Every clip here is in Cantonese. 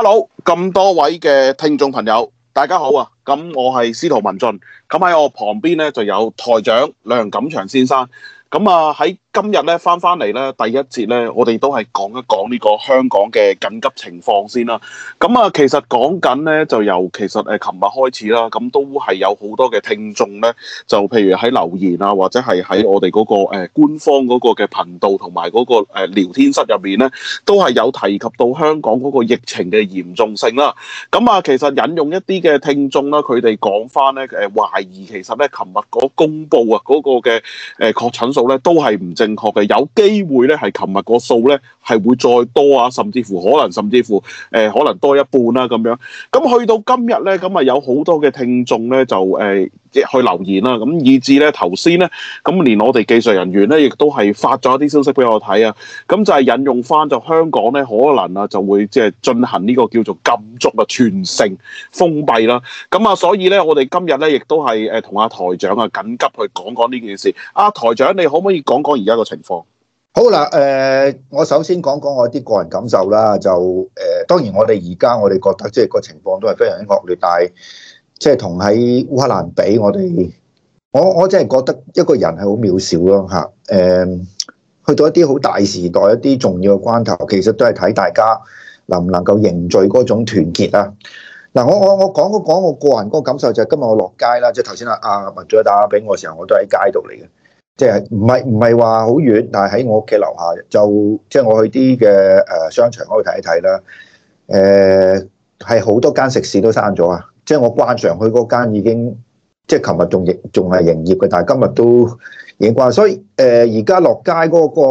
hello，咁多位嘅聽眾朋友，大家好啊！咁我係司徒文進，咁喺我旁邊咧就有台長梁錦祥先生，咁啊喺。今日咧翻翻嚟咧，第一節咧，我哋都係講一講呢個香港嘅緊急情況先啦。咁啊，其實講緊咧，就由其實誒琴日開始啦，咁都係有好多嘅聽眾咧，就譬如喺留言啊，或者係喺我哋嗰個誒官方嗰個嘅頻道同埋嗰個誒聊天室入面咧，都係有提及到香港嗰個疫情嘅嚴重性啦。咁啊，其實引用一啲嘅聽眾啦，佢哋講翻咧誒懷疑其實咧，琴日嗰個公佈啊嗰個嘅誒確診數咧，都係唔正正確嘅，有機會咧，係琴日個數咧，係會再多啊，甚至乎可能，甚至乎誒、呃，可能多一半啦咁樣。咁去到今日咧，咁啊有好多嘅聽眾咧，就誒。呃去留言啦，咁以至咧頭先咧，咁連我哋技術人員咧，亦都係發咗一啲消息俾我睇啊。咁就係引用翻，就香港咧可能啊就會即係進行呢個叫做禁足啊全城封閉啦。咁啊，所以咧我哋今日咧亦都係誒同阿台長啊緊急去講講呢件事。阿、啊、台長，你可唔可以講講而家個情況？好啦，誒、呃，我首先講講我啲個人感受啦。就誒、呃，當然我哋而家我哋覺得即係個情況都係非常之惡劣，但係。即係同喺烏克蘭比我我，我哋我我真係覺得一個人係好渺小咯嚇。誒，去到一啲好大時代一啲重要嘅關頭，其實都係睇大家能唔能夠凝聚嗰種團結啊！嗱、啊，我我我講我講我個人嗰個感受就係今日我落街啦，即係頭先阿阿文進打俾我嘅時候，我都喺街度嚟嘅，即係唔係唔係話好遠，但係喺我屋企樓下就即係我去啲嘅誒商場嗰度睇一睇啦。誒係好多間食肆都閂咗啊！即係我慣常去嗰間已經，即係琴日仲營仲係營業嘅，但係今日都已經關。所以誒，而家落街嗰個，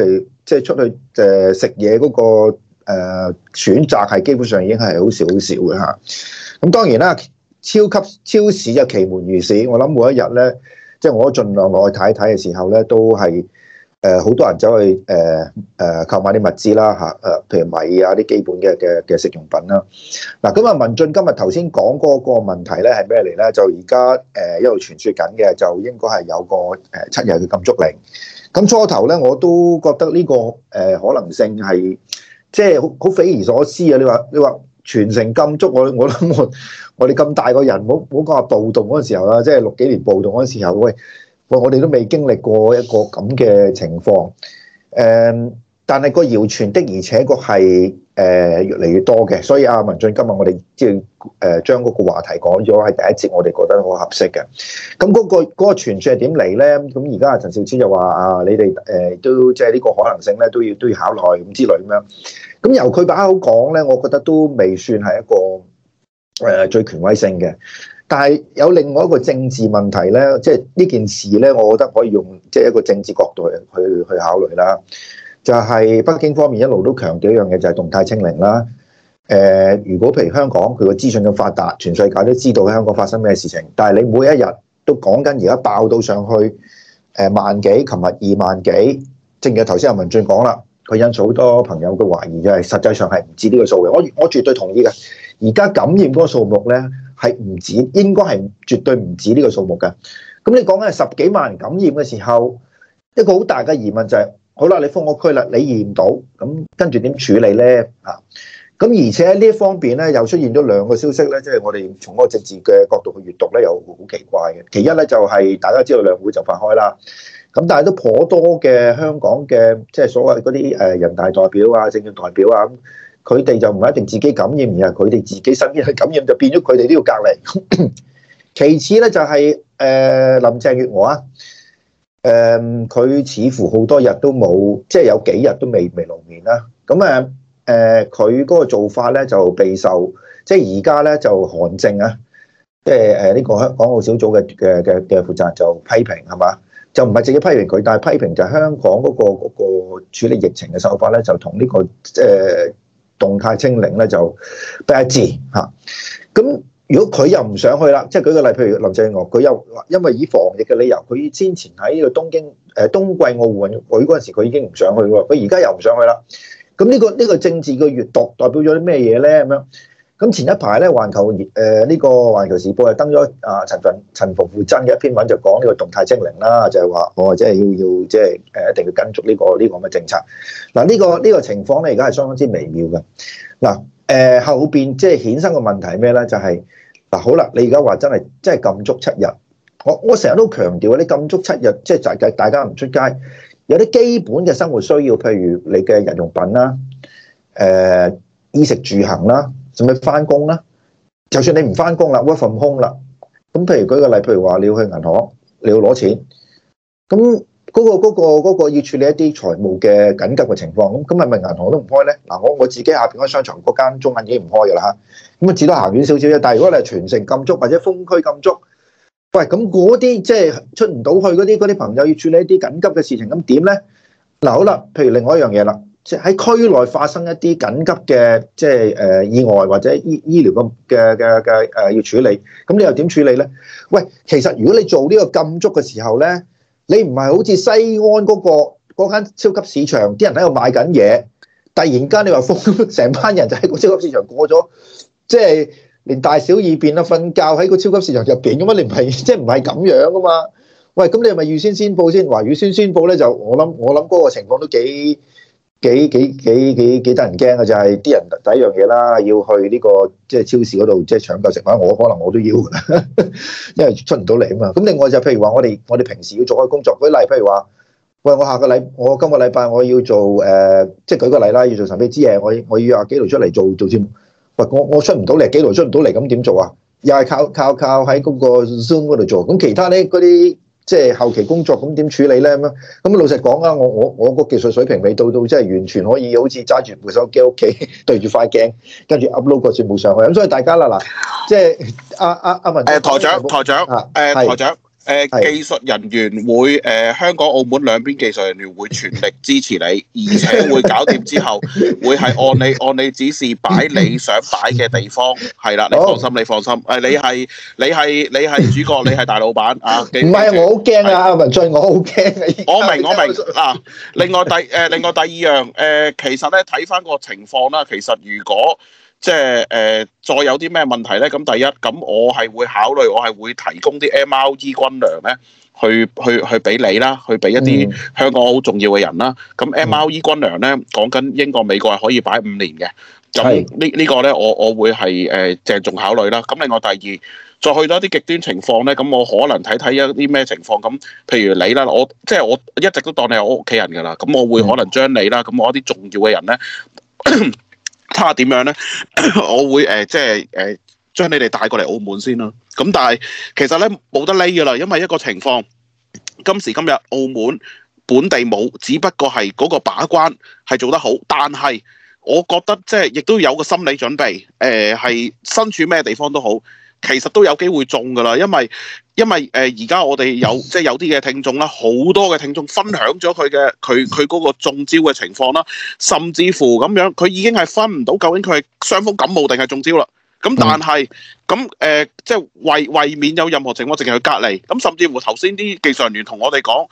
譬如即係出去誒食嘢嗰個誒、呃、選擇，係基本上已經係好少好少嘅嚇。咁當然啦，超級超市就其門如市，我諗每一日咧，即係我盡量落去睇睇嘅時候咧，都係。誒，好多人走去誒誒購買啲物資啦吓，誒，譬如米啊，啲基本嘅嘅嘅食用品啦。嗱，咁啊，文進今日頭先講嗰個問題咧係咩嚟咧？就而家誒一路傳說緊嘅，就應該係有個誒七日嘅禁足令。咁初頭咧，我都覺得呢個誒可能性係即係好好匪夷所思啊！你話你話全城禁足我，我諗我我哋咁大個人，冇冇講話暴動嗰時候啦，即係六幾年暴動嗰時候喂。我哋都未經歷過一個咁嘅情況，誒，但係個謠傳的而且確係誒越嚟越多嘅，所以阿文俊今日我哋即係誒將嗰個話題講咗係第一節，我哋覺得好合適嘅。咁嗰個嗰個傳説係點嚟咧？咁而家陳肇始就話啊，你哋誒都即係呢個可能性咧，都要都要考慮咁之類咁樣。咁由佢把口講咧，我覺得都未算係一個誒最權威性嘅。但係有另外一個政治問題呢，即係呢件事呢，我覺得可以用即係一個政治角度去去考慮啦。就係北京方面一路都強調一樣嘢，就係動態清零啦。誒，如果譬如香港佢個資訊咁發達，全世界都知道香港發生咩事情，但係你每一日都講緊而家爆到上去誒萬幾，琴日二萬幾。正如頭先阿文進講啦，佢引述好多朋友嘅懷疑，就係實際上係唔知呢個數嘅。我我絕對同意嘅。而家感染嗰個數目呢，係唔止，應該係絕對唔止呢個數目嘅。咁你講緊係十幾萬人感染嘅時候，一個好大嘅疑問就係：好啦，你封個區啦，你驗到，咁跟住點處理呢？嚇！咁而且呢一方面咧，又出現咗兩個消息咧，即係我哋從嗰個政治嘅角度去閱讀咧，又好奇怪嘅。其一咧就係大家知道兩會就發開啦，咁但係都頗多嘅香港嘅即係所謂嗰啲誒人大代表啊、政協代表啊咁。佢哋就唔一定自己感染，而係佢哋自己身邊係感染，就變咗佢哋都要隔離。 其次咧就係、是、誒、呃、林鄭月娥啊，誒、呃、佢似乎好多日都冇，即、就、係、是、有幾日都未未露面啦。咁啊誒佢嗰個做法咧就備受，即係而家咧就韓正啊，即係誒呢個香港澳小組嘅嘅嘅嘅負責就批評係嘛，就唔係直接批評佢，但係批評就香港嗰、那個嗰、那個、處理疫情嘅手法咧就同呢、這個誒。呃動態清零咧就不一致嚇，咁如果佢又唔想去啦，即係舉個例，譬如林鄭月娥，佢又因為以防疫嘅理由，佢先前喺呢個東京誒冬季奧運會嗰陣時，佢已經唔想去喎，佢而家又唔想去啦，咁呢個呢個政治嘅閲讀代表咗啲咩嘢咧？咁前一排咧，環球，誒、這、呢個《環球時報》又登咗啊陳馮陳馮富珍嘅一篇文，就講呢個動態清零啦，就係話我即係要要即係誒一定要跟足呢、這個呢、這個乜政策。嗱、這、呢個呢、這個情況咧，而家係相當之微妙嘅。嗱誒後邊即係衍生嘅問題係咩咧？就係、是、嗱好啦，你而家話真係真係禁足七日，我我成日都強調啊，你禁足七日即係大家大家唔出街，有啲基本嘅生活需要，譬如你嘅日用品啦，誒、呃、衣食住行啦。係翻工啦？就算你唔翻工啦，work from home 啦。咁譬如舉個例，譬如話你要去銀行，你要攞錢，咁嗰個嗰個嗰個要處理一啲財務嘅緊急嘅情況。咁係咪銀行都唔開咧？嗱，我我自己下邊商場嗰間中銀已經唔開噶啦吓。咁啊，只多行遠少少啫。但係如果你係全城禁足或者封區禁足，喂，咁嗰啲即係出唔到去嗰啲嗰啲朋友要處理一啲緊急嘅事情，咁點咧？嗱，好啦，譬如另外一樣嘢啦。即係喺區內發生一啲緊急嘅，即係誒意外或者醫醫療嘅嘅嘅嘅誒要處理，咁你又點處理咧？喂，其實如果你做呢個禁足嘅時候咧，你唔係好似西安嗰個嗰間超級市場，啲人喺度買緊嘢，突然間你話封成班人就喺、就是、個超級市場過咗，即係連大小二便啊、瞓覺喺個超級市場入邊噶嘛？你唔係即係唔係咁樣噶嘛？喂，咁你係咪預先宣佈先？話預先宣佈咧，就我諗我諗嗰個情況都幾。幾幾幾幾幾得人驚嘅就係啲人第一樣嘢啦，要去呢個即係超市嗰度即係搶購食物，我可能我都要，因為出唔到嚟啊嘛。咁另外就譬如話，我哋我哋平時要做開工作，舉例譬如話，喂，我下個禮我今個禮拜我要做誒，即係舉個例啦，要做神秘之夜，我我要阿幾度出嚟做做節目。喂，我我出唔到嚟，幾度出唔到嚟，咁點做啊？又係靠靠靠喺嗰個 Zoom 嗰度做，咁其他咧嗰啲。即係後期工作咁點處理咧咁樣？咁老實講啊，我我我個技術水平未到到，即係完全可以好似揸住部手機屋企 對住塊鏡，跟住 upload 個節目上去。咁所以大家啦嗱，即係阿阿阿文誒、啊、台長，台長嚇台長。啊台長誒、呃，技術人員會誒、呃，香港澳門兩邊技術人員會全力支持你，而且會搞掂之後會係按你按你指示擺你想擺嘅地方，係 啦，你放心，你放心。誒、呃，你係你係你係主角， 你係大老闆啊。唔係啊，我好驚啊，文進，我好驚、啊、我明 我明、啊、另外第誒、呃，另外第二樣誒、呃，其實咧睇返個情況啦，其實如果。即係誒，再有啲咩問題咧？咁第一，咁我係會考慮，我係會提供啲 MRE 軍糧咧，去去去俾你啦，去俾一啲香港好重要嘅人啦。咁 MRE 軍糧咧，講緊英國、美國係可以擺五年嘅。咁呢呢個咧，我我會係誒，鄭重考慮啦。咁另外第二，再去到一啲極端情況咧，咁我可能睇睇一啲咩情況。咁譬如你啦，我即係我一直都當你係我屋企人㗎啦。咁我會可能將你啦，咁我一啲重要嘅人咧。睇下點樣咧， 我會誒、呃、即係誒將你哋帶過嚟澳門先啦。咁但係其實咧冇得匿㗎喇，因為一個情況，今時今日澳門本地冇，只不過係嗰個把關係做得好。但係我覺得即係亦都有個心理準備，誒、呃、係身處咩地方都好，其實都有機會中㗎啦，因為因為誒而家我哋有即係有啲嘅聽眾啦，好多嘅聽眾分享咗佢嘅佢佢嗰個中招嘅情況啦，甚至乎咁樣佢已經係分唔到究竟佢係傷風感冒定係中招啦。咁但係咁誒，即係為為免有任何情況，淨係去隔離。咁甚至乎頭先啲技術人員同我哋講，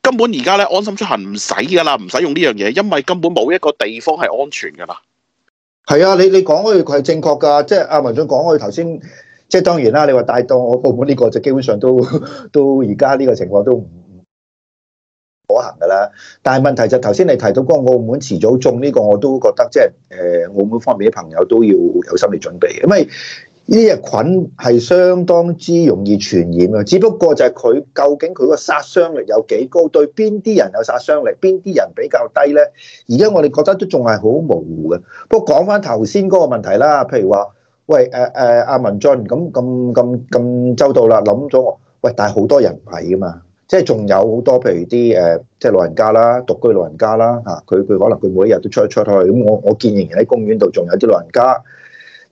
根本而家咧安心出行唔使㗎啦，唔使用呢樣嘢，因為根本冇一個地方係安全㗎啦。係啊，你你講佢係正確㗎，即係、啊、阿文俊講佢頭先。即係當然啦，你話帶到我澳門呢個就基本上都都而家呢個情況都唔可行噶啦。但係問題就頭先你提到嗰個澳門遲早種呢個，我都覺得即係誒澳門方面啲朋友都要有心理準備，因為呢隻菌係相當之容易傳染啊。只不過就係佢究竟佢個殺傷力有幾高，對邊啲人有殺傷力，邊啲人比較低呢？而家我哋覺得都仲係好模糊嘅。不過講翻頭先嗰個問題啦，譬如話。喂，誒誒阿文進，咁咁咁咁周到啦，諗咗。喂，但係好多人唔係㗎嘛，即係仲有好多譬如啲誒，即係老人家啦，獨居老人家啦嚇，佢佢可能佢每一日都出一出去。咁我我見仍然喺公園度，仲有啲老人家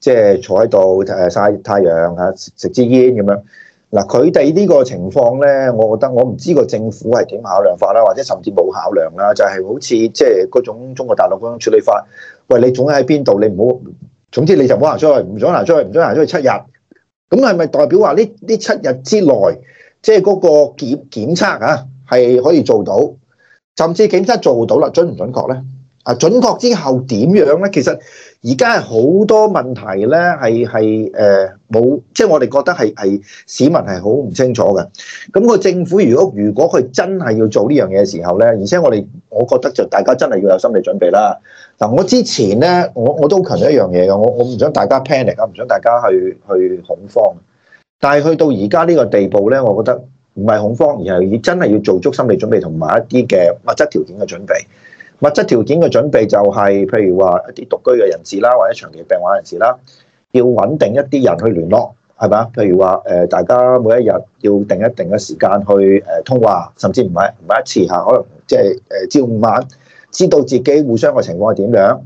即係坐喺度曬太陽嚇，食支煙咁樣。嗱，佢哋呢個情況咧，我覺得我唔知個政府係點考量法啦，或者甚至冇考量啦，就係好似即係嗰種中國大陸嗰種處理法。喂，你總喺邊度？你唔好。總之你就唔好行出去，唔准行出去，唔准行出去七日，咁係咪代表話呢呢七日之內，即係嗰個檢檢測啊，係可以做到，甚至檢測做到啦，準唔準確咧？啊！準確之後點樣咧？其實而家係好多問題咧，係係誒冇，即、呃、係、就是、我哋覺得係係市民係好唔清楚嘅。咁個政府如果如果佢真係要做呢樣嘢嘅時候咧，而且我哋我覺得就大家真係要有心理準備啦。嗱，我之前咧，我我都強調一樣嘢嘅，我我唔想大家 panic 啊，唔想大家去去恐慌。但係去到而家呢個地步咧，我覺得唔係恐慌，而係真係要做足心理準備同埋一啲嘅物質條件嘅準備。物質條件嘅準備就係、是，譬如話一啲獨居嘅人士啦，或者長期病患人士啦，要搵定一啲人去聯絡，係咪？譬如話誒，大家每一日要定一定嘅時間去誒通話，甚至唔係唔係一次吓，可能即係誒朝午晚，知道自己互相嘅情況係點樣，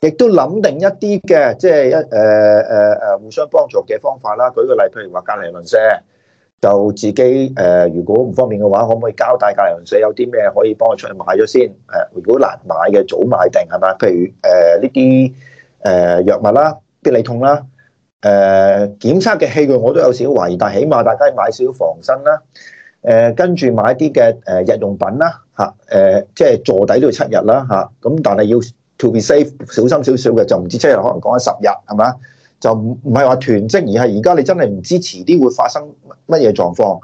亦都諗定一啲嘅即係一誒誒誒互相幫助嘅方法啦。舉個例，譬如話隔離鄰舍。就自己誒、呃，如果唔方便嘅話，可唔可以交代隔籬鄰舍有啲咩可以幫我出去買咗先？誒、呃，如果難買嘅早買定係嘛？譬如誒呢啲誒藥物啦、必理痛啦、誒、呃、檢測嘅器具我都有少少懷疑，但係起碼大家買少少防身啦。誒、呃，跟住買啲嘅誒日用品啦，嚇、呃、誒，即係坐底都要七日啦，嚇、啊。咁但係要 to be safe 小心少少嘅，就唔止七日，可能講緊十日係嘛？就唔唔係話囤積，而係而家你真係唔知遲啲會發生乜嘢狀況。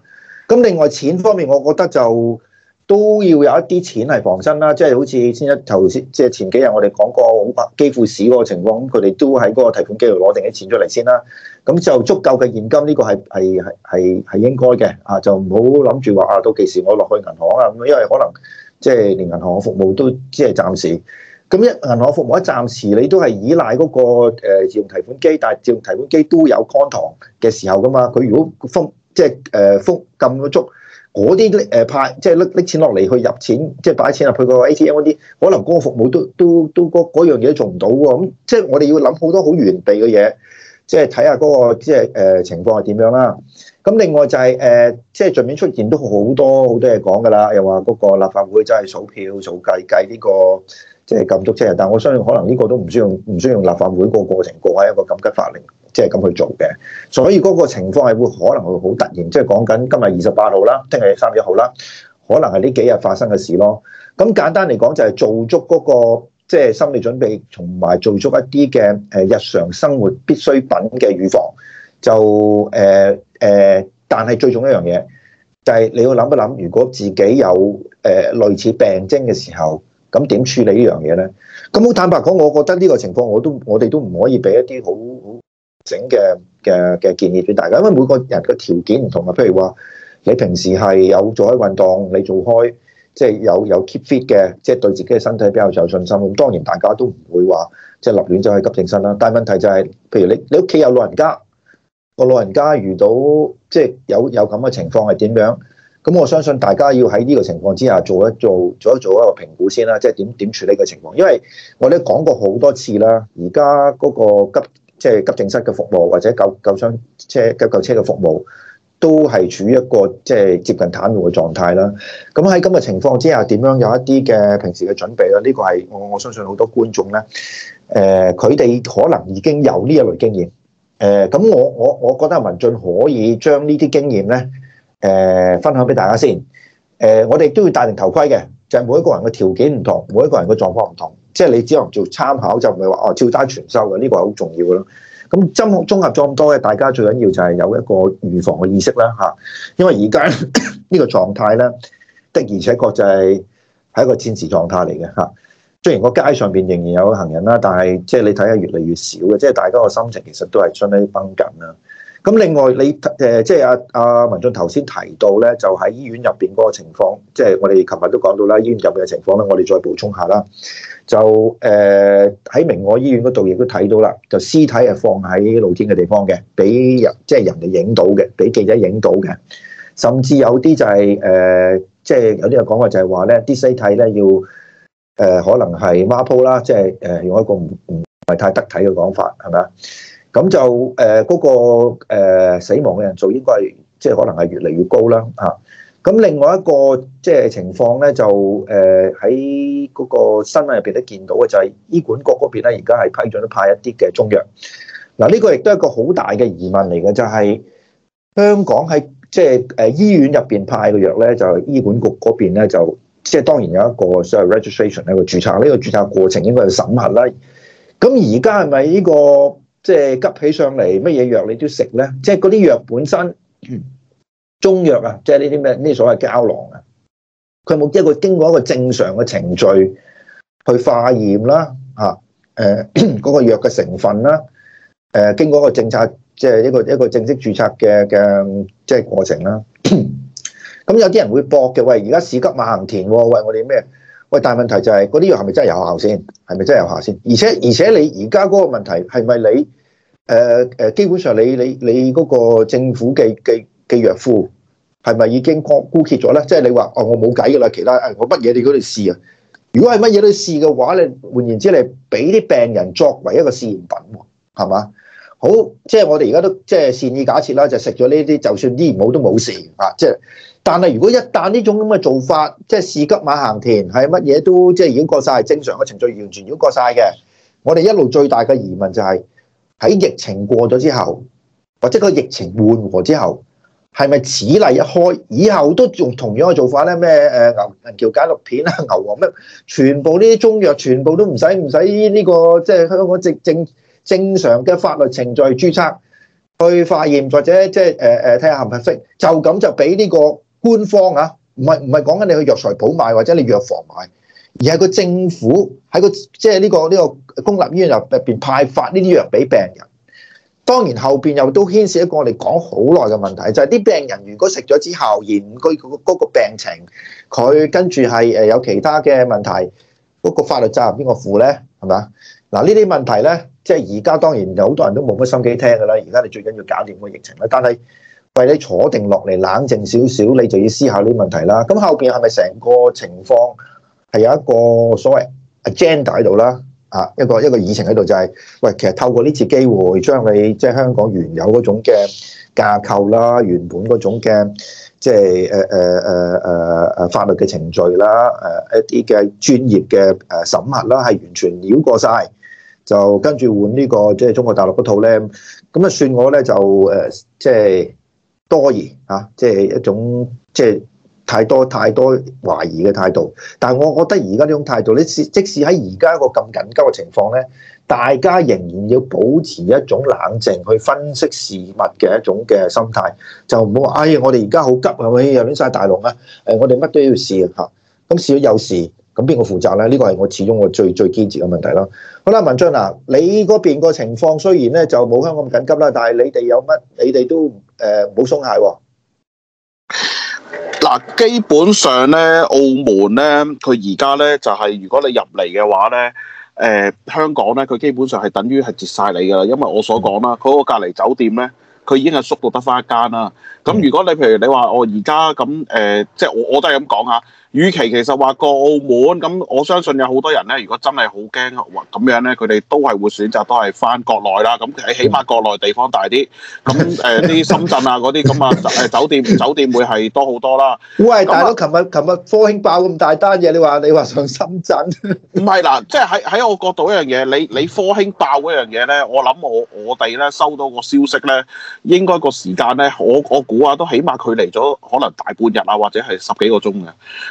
咁另外錢方面，我覺得就都要有一啲錢係防身啦，即係好似先一頭先，即係前幾日我哋講過好怕基輔市嗰個情況，佢哋都喺嗰個提款機度攞定啲錢出嚟先啦。咁就足夠嘅現金呢個係係係係係應該嘅。啊，就唔好諗住話啊，到時我落去銀行啊，因為可能即係連銀行嘅服務都即係暫時。咁一銀行服務一暫時，你都係依賴嗰個誒自動提款機，但係自動提款機都有乾塘嘅時候噶嘛？佢如果封即係誒封咁足，嗰啲誒派即係搦搦錢落嚟去入錢，即係擺錢入去個 ATM 嗰啲，可能嗰個服務都都都嗰樣嘢都做唔到喎。咁即係我哋要諗好多好原地嘅嘢，即係睇下嗰個即係誒情況係點樣啦。咁另外就係即係最近出現都好多好多嘢講噶啦，又話嗰個立法會真係數票數計計呢個。即、就、係、是、禁足七日，但我相信可能呢個都唔需，需要用唔需要立法會個過程過下一個緊急法令，即係咁去做嘅。所以嗰個情況係會可能會好突然，即、就、係、是、講緊今日二十八號啦，聽日三月一號啦，可能係呢幾日發生嘅事咯。咁簡單嚟講、那個，就係做足嗰個即係心理準備，同埋做足一啲嘅誒日常生活必需品嘅預防。就誒誒、呃呃，但係最重要一樣嘢，就係、是、你要諗一諗，如果自己有誒類似病徵嘅時候。咁點處理呢樣嘢呢？咁好坦白講，我覺得呢個情況我都我哋都唔可以俾一啲好好整嘅嘅嘅建議俾大家，因為每個人嘅條件唔同啊。譬如話，你平時係有做開運動，你做開即係有有 keep fit 嘅，即係對自己嘅身體比較有信心。咁當然大家都唔會話即係立亂就去急症室啦。但係問題就係，譬如你你屋企有老人家，個老人家遇到即係有有咁嘅情況係點樣？咁我相信大家要喺呢個情況之下做一做，做一做一個評估先啦，即係點點處理個情況。因為我哋講過好多次啦，而家嗰個急即係急症室嘅服務或者救救傷車救救車嘅服務都係處於一個即係接近癱瘓嘅狀態啦。咁喺噉嘅情況之下，點樣有一啲嘅平時嘅準備咧？呢個係我我相信好多觀眾咧，誒佢哋可能已經有呢一類經驗。誒咁我我我覺得文進可以將呢啲經驗咧。誒、呃，分享俾大家先。誒、呃，我哋都要戴定頭盔嘅，就係、是、每一個人嘅條件唔同，每一個人嘅狀況唔同，即、就、係、是、你只能做參考，就唔係話哦照單全收嘅，呢、這個係好重要嘅咯。咁針綜合咗咁多嘅，大家最緊要就係有一個預防嘅意識啦，吓。因為而家 呢個狀態咧，的而且確就係、是、係一個戰時狀態嚟嘅吓。雖然個街上邊仍然有行人啦，但係即係你睇下越嚟越少嘅，即、就、係、是、大家個心情其實都係相當於繃緊啦。咁另外，你誒即係阿阿文俊頭先提到咧，就喺醫院入邊嗰個情況，即係我哋琴日都講到啦，醫院入邊嘅情況咧，我哋再補充下啦。就誒喺明愛醫院嗰度，亦都睇到啦，就屍體係放喺露天嘅地方嘅，俾人即係人哋影到嘅，俾記者影到嘅，甚至有啲就係誒，即係有啲人講過就係話咧，啲屍體咧要誒可能係孖鋪啦，即係誒用一個唔唔唔係太得體嘅講法，係咪啊？咁就誒嗰個死亡嘅人數應該係即係可能係越嚟越高啦嚇。咁另外一個即係情況咧，就誒喺嗰個新聞入邊都見到嘅，就係醫管局嗰邊咧，而家係批准咗派一啲嘅中藥。嗱，呢個亦都係一個好大嘅疑問嚟嘅，就係香港喺即係誒醫院入邊派嘅藥咧，就係醫管局嗰邊咧，就即係當然有一個所謂 registration 呢個註冊，呢個註冊過程應該係審核啦。咁而家係咪呢個？即係急起上嚟，乜嘢藥你都食咧？即係嗰啲藥本身，中藥啊，即係呢啲咩呢啲所謂膠囊啊，佢冇一個經過一個正常嘅程序去化驗啦，嚇、啊，誒、呃、嗰、那個藥嘅成分啦，誒、啊、經過一個政策，即、就、係、是、一個一個正式註冊嘅嘅即係過程啦。咁、啊、有啲人會駁嘅，喂，而家事急馬行田，喂，我哋咩？喂，但係問題就係嗰啲藥係咪真係有效先？係咪真係有效先？而且而且你而家嗰個問題係咪你？誒誒，基本上你你你嗰個政府嘅嘅嘅藥庫係咪已經枯枯竭咗咧？即係你話哦，我冇計㗎啦，其他誒我乜嘢你嗰度試啊？如果係乜嘢都試嘅話你換言之你俾啲病人作為一個試驗品，係嘛？好，即係我哋而家都即係善意假設啦，就食咗呢啲，就算醫唔好都冇事啊！即係，但係如果一旦呢種咁嘅做法，即係事急馬行田，係乜嘢都即係已經過曬正常嘅程序，完全已經過曬嘅，我哋一路最大嘅疑問就係。喺疫情過咗之後，或者個疫情緩和之後，係咪此例一開，以後都用同樣嘅做法咧？咩誒牛人橋解毒片啊、牛黃咩，全部呢啲中藥，全部都唔使唔使呢個即係、就是、香港正正正常嘅法律程序去註冊去化驗或者即係誒誒睇下合唔合適，呃、看看是是就咁就俾呢個官方啊，唔係唔係講緊你去藥材鋪買或者你藥房買。而係個政府喺個即係呢個呢個公立醫院入入邊派發呢啲藥俾病人。當然後邊又都牽涉一個我哋講好耐嘅問題，就係啲病人如果食咗之後，而佢嗰個病情佢跟住係誒有其他嘅問題，嗰個法律責任邊個負呢？係咪？嗱，呢啲問題呢，即係而家當然好多人都冇乜心機聽㗎啦。而家你最緊要搞掂個疫情啦。但係為你坐定落嚟冷靜少少，你就要思考呢啲問題啦。咁後邊係咪成個情況？係有一個所謂 agenda 喺度啦，啊，一個一個議程喺度就係、是，喂，其實透過呢次機會將你，將你即係香港原有嗰種嘅架構啦，原本嗰種嘅即係誒誒誒誒誒法律嘅程序啦，誒、呃、一啲嘅專業嘅誒審核啦，係完全繞過晒，就跟住換呢個即係、就是、中國大陸嗰套咧，咁啊算我咧就誒即係多疑吓，即、就、係、是、一種即係。就是太多太多懷疑嘅態度，但係我覺得而家呢種態度，你即使喺而家一個咁緊急嘅情況呢，大家仍然要保持一種冷靜去分析事物嘅一種嘅心態，就唔好話，哎呀，我哋而家好急啊，喂、哎，又亂晒大龍啊，誒，我哋乜都要試啊，咁試咗有事，咁邊個負責呢？呢、呢個係我始終我最最堅持嘅問題啦。好啦，文俊嗱、啊，你嗰邊個情況雖然呢就冇香港咁緊急啦，但係你哋有乜？你哋都誒好、呃、鬆懈喎、哦。嗱，基本上呢，澳門呢，佢而家呢，就係如果你入嚟嘅話呢，呃，香港呢，佢基本上係等於係截晒你㗎啦，因為我所講啦，佢個隔離酒店呢，佢已經係縮到得翻一間啦。咁如果你譬如你話我而家咁，誒，即係我我都係咁講下。與其其實話過澳門咁，我相信有好多人咧。如果真係好驚，咁樣咧，佢哋都係會選擇都係翻國內啦。咁起起碼國內地方大啲，咁誒啲深圳啊嗰啲咁啊酒店 酒店會係多好多啦。喂，大佬，琴日琴日科興爆咁大單嘢，你話你話上深圳？唔係嗱，即係喺喺我角度一樣嘢，你你科興爆嗰樣嘢咧，我諗我我哋咧收到個消息咧，應該個時間咧，我我估啊都起碼距離咗可能大半日啊，或者係十幾個鐘嘅。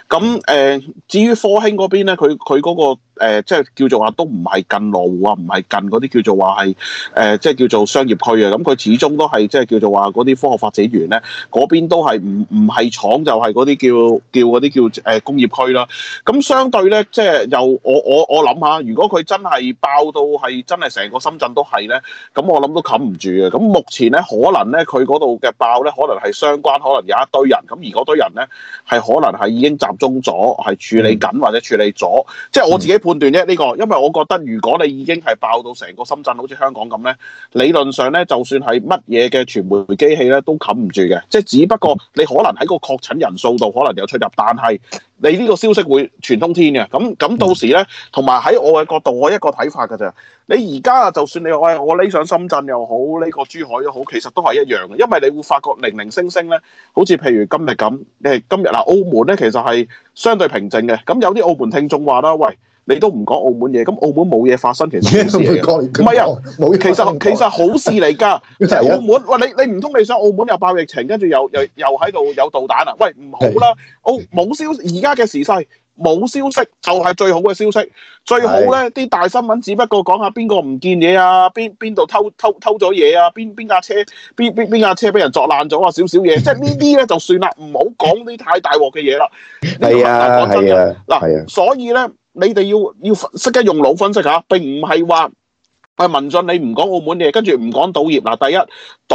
咁誒、呃，至於科興嗰邊咧，佢佢嗰個。誒、呃、即係叫做話都唔係近羅湖啊，唔係近嗰啲叫做話係誒即係叫做商業區啊。咁、嗯、佢始終都係即係叫做話嗰啲科學發展園咧，嗰邊都係唔唔係廠就係嗰啲叫叫嗰啲叫誒、呃、工業區啦。咁、嗯、相對咧，即係又我我我諗下，如果佢真係爆到係真係成個深圳都係咧，咁、嗯、我諗都冚唔住嘅。咁、嗯、目前咧，可能咧佢嗰度嘅爆咧，可能係相關，可能有一堆人。咁而嗰堆人咧，係可能係已經集中咗，係處理緊或者處理咗、嗯。即係我自己判斷啫，呢個，因為我覺得如果你已經係爆到成個深圳好似香港咁呢，理論上呢，就算係乜嘢嘅傳媒機器呢，都冚唔住嘅。即係只不過你可能喺個確診人數度可能有出入，但係你呢個消息會傳通天嘅。咁咁到時呢，同埋喺我嘅角度，我一個睇法㗎咋。你而家就算你話我我匿上深圳又好，呢個珠海又好，其實都係一樣嘅，因為你會發覺零零星星呢，好似譬如今日咁，誒今日嗱、啊、澳門呢，其實係相對平靜嘅。咁有啲澳門聽眾話啦，喂！你都唔講澳門嘢，咁澳門冇嘢發生，其實好事嚟。唔係啊，冇。其實其實好事嚟㗎。 澳門，喂你你唔通你想澳門又爆疫情，跟住又又又喺度有導彈啊？喂，唔好啦，澳冇、哦、消息，而家嘅時勢冇消息就係最好嘅消息。最好咧啲大新聞，只不過講下邊個唔見嘢啊，邊邊度偷偷偷咗嘢啊，邊邊架車，邊邊邊架車俾人作爛咗啊，少少嘢，即係呢啲咧就算、這個、是是啦，唔好講啲太大鑊嘅嘢啦。係啊，係啊，嗱，所以咧。你哋要要識得用腦分析下，並唔係話啊文進你唔講澳門嘢，跟住唔講賭業嗱。第一，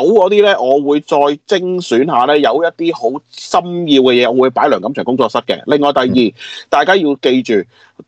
賭嗰啲呢，我會再精選一下呢有一啲好深要嘅嘢，我會擺梁錦祥工作室嘅。另外第二，大家要記住。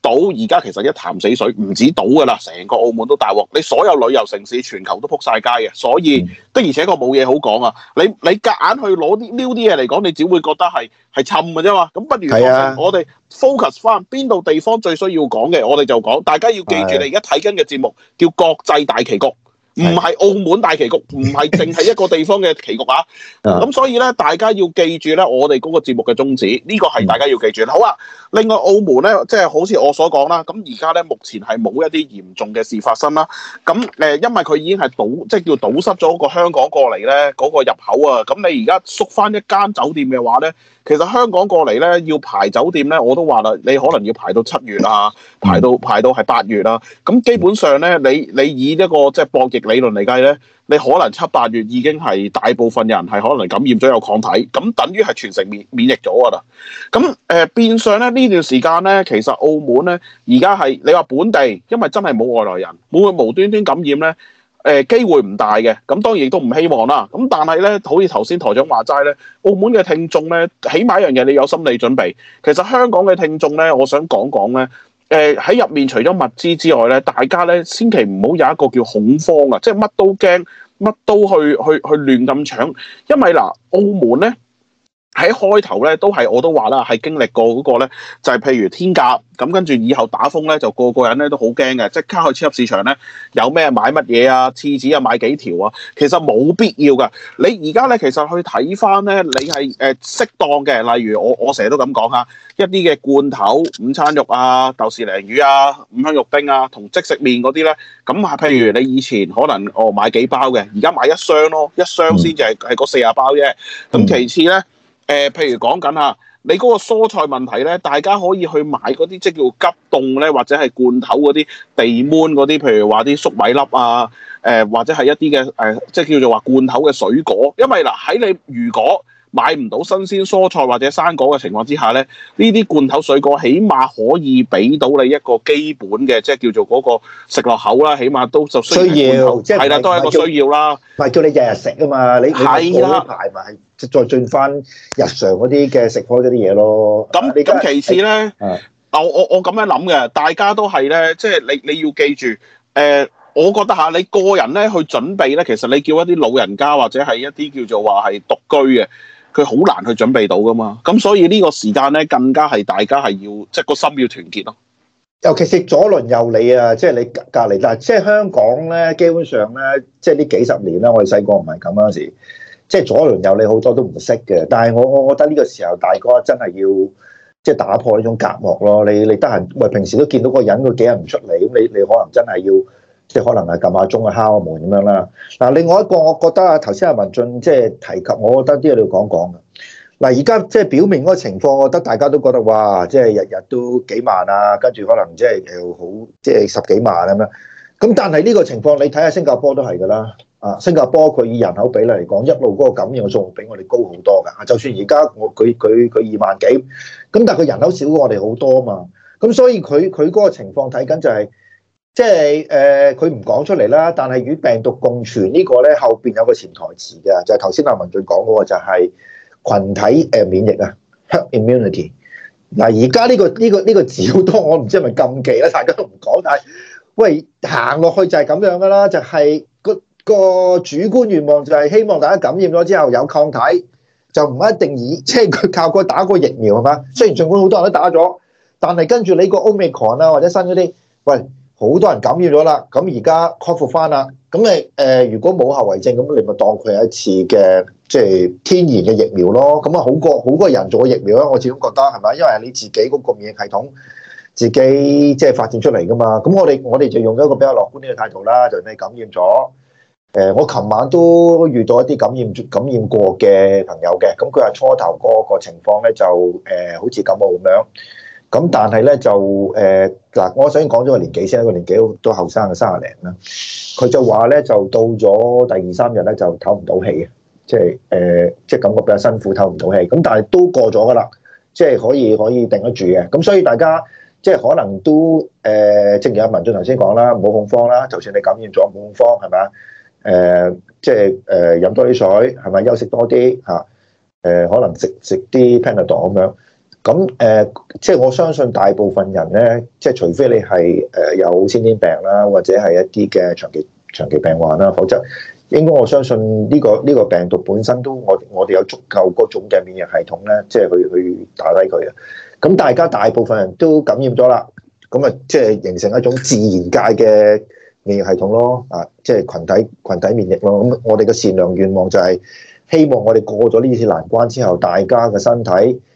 島而家其實一潭死水，唔止島㗎啦，成個澳門都大鑊。你所有旅遊城市全球都撲晒街嘅，所以、嗯、的而且確冇嘢好講啊！你你夾硬去攞啲撩啲嘢嚟講，你只會覺得係係沉嘅啫嘛。咁不如、啊、我哋我哋 focus 翻邊度地方最需要講嘅，我哋就講。大家要記住，你而家睇緊嘅節目叫國際大棋局。唔係澳門大棋局，唔係淨係一個地方嘅棋局啊！咁 所以咧，大家要記住咧，我哋嗰個節目嘅宗旨，呢個係大家要記住。好啦，另外澳門咧，即係好似我所講啦，咁而家咧，目前係冇一啲嚴重嘅事發生啦。咁因為佢已經係堵，即係叫堵塞咗個香港過嚟咧嗰個入口啊！咁你而家縮翻一間酒店嘅話咧。其實香港過嚟咧，要排酒店咧，我都話啦，你可能要排到七月啊，排到排到係八月啦、啊。咁基本上咧，你你以一個即係博弈理論嚟計咧，你可能七八月已經係大部分人係可能感染咗有抗體，咁等於係全城免免疫咗㗎啦。咁誒、呃、變相咧呢段時間咧，其實澳門咧而家係你話本地，因為真係冇外來人，會唔會無端端感染咧？誒機會唔大嘅，咁當然亦都唔希望啦。咁但係咧，好似頭先台長話齋咧，澳門嘅聽眾咧，起碼一樣嘢你有心理準備。其實香港嘅聽眾咧，我想講講咧，誒喺入面除咗物資之外咧，大家咧千祈唔好有一個叫恐慌啊，即係乜都驚，乜都去去去亂咁搶，因為嗱、呃，澳門咧。喺開頭咧，都係我都話啦，係經歷過嗰、那個咧，就係、是、譬如天鴿咁，跟住以後打風咧，就個個人咧都好驚嘅，即刻去超級市場咧，有咩買乜嘢啊？廁紙啊，買幾條啊？其實冇必要噶。你而家咧，其實去睇翻咧，你係誒適當嘅。例如我我成日都咁講啊，一啲嘅罐頭、午餐肉啊、豆豉鯪魚啊、五香肉丁啊、同即食麵嗰啲咧，咁啊，譬如你以前可能哦買幾包嘅，而家買一箱咯，一箱先就係係嗰四啊包啫。咁其次咧。誒、呃，譬如講緊嚇，你嗰個蔬菜問題咧，大家可以去買嗰啲即叫急凍咧，或者係罐頭嗰啲地捫嗰啲，譬如話啲粟米粒啊，誒、呃、或者係一啲嘅、呃、即叫做話罐頭嘅水果，因為嗱喺你如果買唔到新鮮蔬菜或者生果嘅情況之下咧，呢啲罐頭水果起碼可以俾到你一個基本嘅，即叫做嗰個食落口啦，起碼都就需要，係啦、就是，都係一個需要啦。唔係叫你日日食啊嘛，你睇啦。即再進翻日常嗰啲嘅食開嗰啲嘢咯。咁咁其次咧啊，我我我咁樣諗嘅，大家都係咧，即係你你要記住，誒，我覺得嚇你個人咧去準備咧，其實你叫一啲老人家或者係一啲叫做話係獨居嘅，佢好難去準備到噶嘛。咁所以呢個時間咧，更加係大家係要即係個心要團結咯。尤其是左鄰右里啊，即係你隔隔離，但係即係香港咧，基本上咧，即係呢幾十年啦，我哋細個唔係咁嗰陣時。即係左鄰右你好多都唔識嘅，但係我我覺得呢個時候大家真係要即係打破呢種隔膜咯。你你得閒喂，平時都見到個人佢幾日唔出嚟，咁你你可能真係要即係可能係撳下鐘啊，敲下門咁樣啦。嗱，另外一個我覺得啊，頭先阿文進即係提及，我覺得啲嘢你要講講嘅。嗱，而家即係表面嗰個情況，我覺得大家都覺得哇，即係日日都幾萬啊，跟住可能即係又好即係十幾萬咁樣。咁但係呢個情況，你睇下新加坡都係㗎啦。啊，新加坡佢以人口比例嚟講，一路嗰個感染個數比我哋高好多嘅。就算而家我佢佢佢二萬幾，咁但係佢人口少過我哋好多嘛。咁所以佢佢嗰個情況睇緊就係、是，即係誒佢唔講出嚟啦。但係與病毒共存個呢個咧，後邊有個潛台詞嘅，就係頭先阿文進講嘅就係群體誒免疫啊，herd immunity。嗱，而家呢個呢、呢個呢、呢個字好多，我唔知係咪禁忌咧，大家都唔講。但係喂，行落去就係咁樣噶啦，就係、是。個主觀願望就係希望大家感染咗之後有抗體，就唔一定以即係佢靠個打過疫苗係嘛。雖然儘管好多人都打咗，但係跟住你個 Omicron 啊或者新嗰啲，喂，好多人感染咗啦，咁而家克服翻啦，咁你誒、呃，如果冇後遺症咁，你咪當佢係一次嘅即係天然嘅疫苗咯。咁啊，好過好過人做嘅疫苗咯。我始終覺得係咪？因為你自己嗰個免疫系統自己即係發展出嚟㗎嘛。咁我哋我哋就用咗一個比較樂觀啲嘅態度啦，就係你感染咗。誒，我琴晚都遇到一啲感染感染過嘅朋友嘅，咁佢話初頭嗰個情況咧就誒，好似感冒咁樣。咁但係咧就誒嗱，我想講咗個年紀先，一個年紀都後生嘅三十零啦。佢就話咧就到咗第二三日咧就唞唔到氣嘅，即係誒，即係感覺比較辛苦，唞唔到氣。咁但係都過咗噶啦，即係可以可以定得住嘅。咁所以大家即係可能都誒，正如阿文俊頭先講啦，冇恐慌啦。就算你感染咗冇恐慌，係咪啊？誒、呃，即係誒飲多啲水，係咪休息多啲吓？誒、呃，可能食食啲 Panadol 咁樣。咁誒，即、呃、係、就是、我相信大部分人咧，即、就、係、是、除非你係誒有先天病啦，或者係一啲嘅長期長期病患啦，否則應該我相信呢、這個呢、這個病毒本身都我我哋有足夠嗰種嘅免疫系統咧，即、就、係、是、去去打低佢嘅。咁大家大部分人都感染咗啦，咁啊即係形成一種自然界嘅。免疫系統咯，啊，即係群體羣體免疫咯。咁我哋嘅善良願望就係希望我哋過咗呢次難關之後，大家嘅身體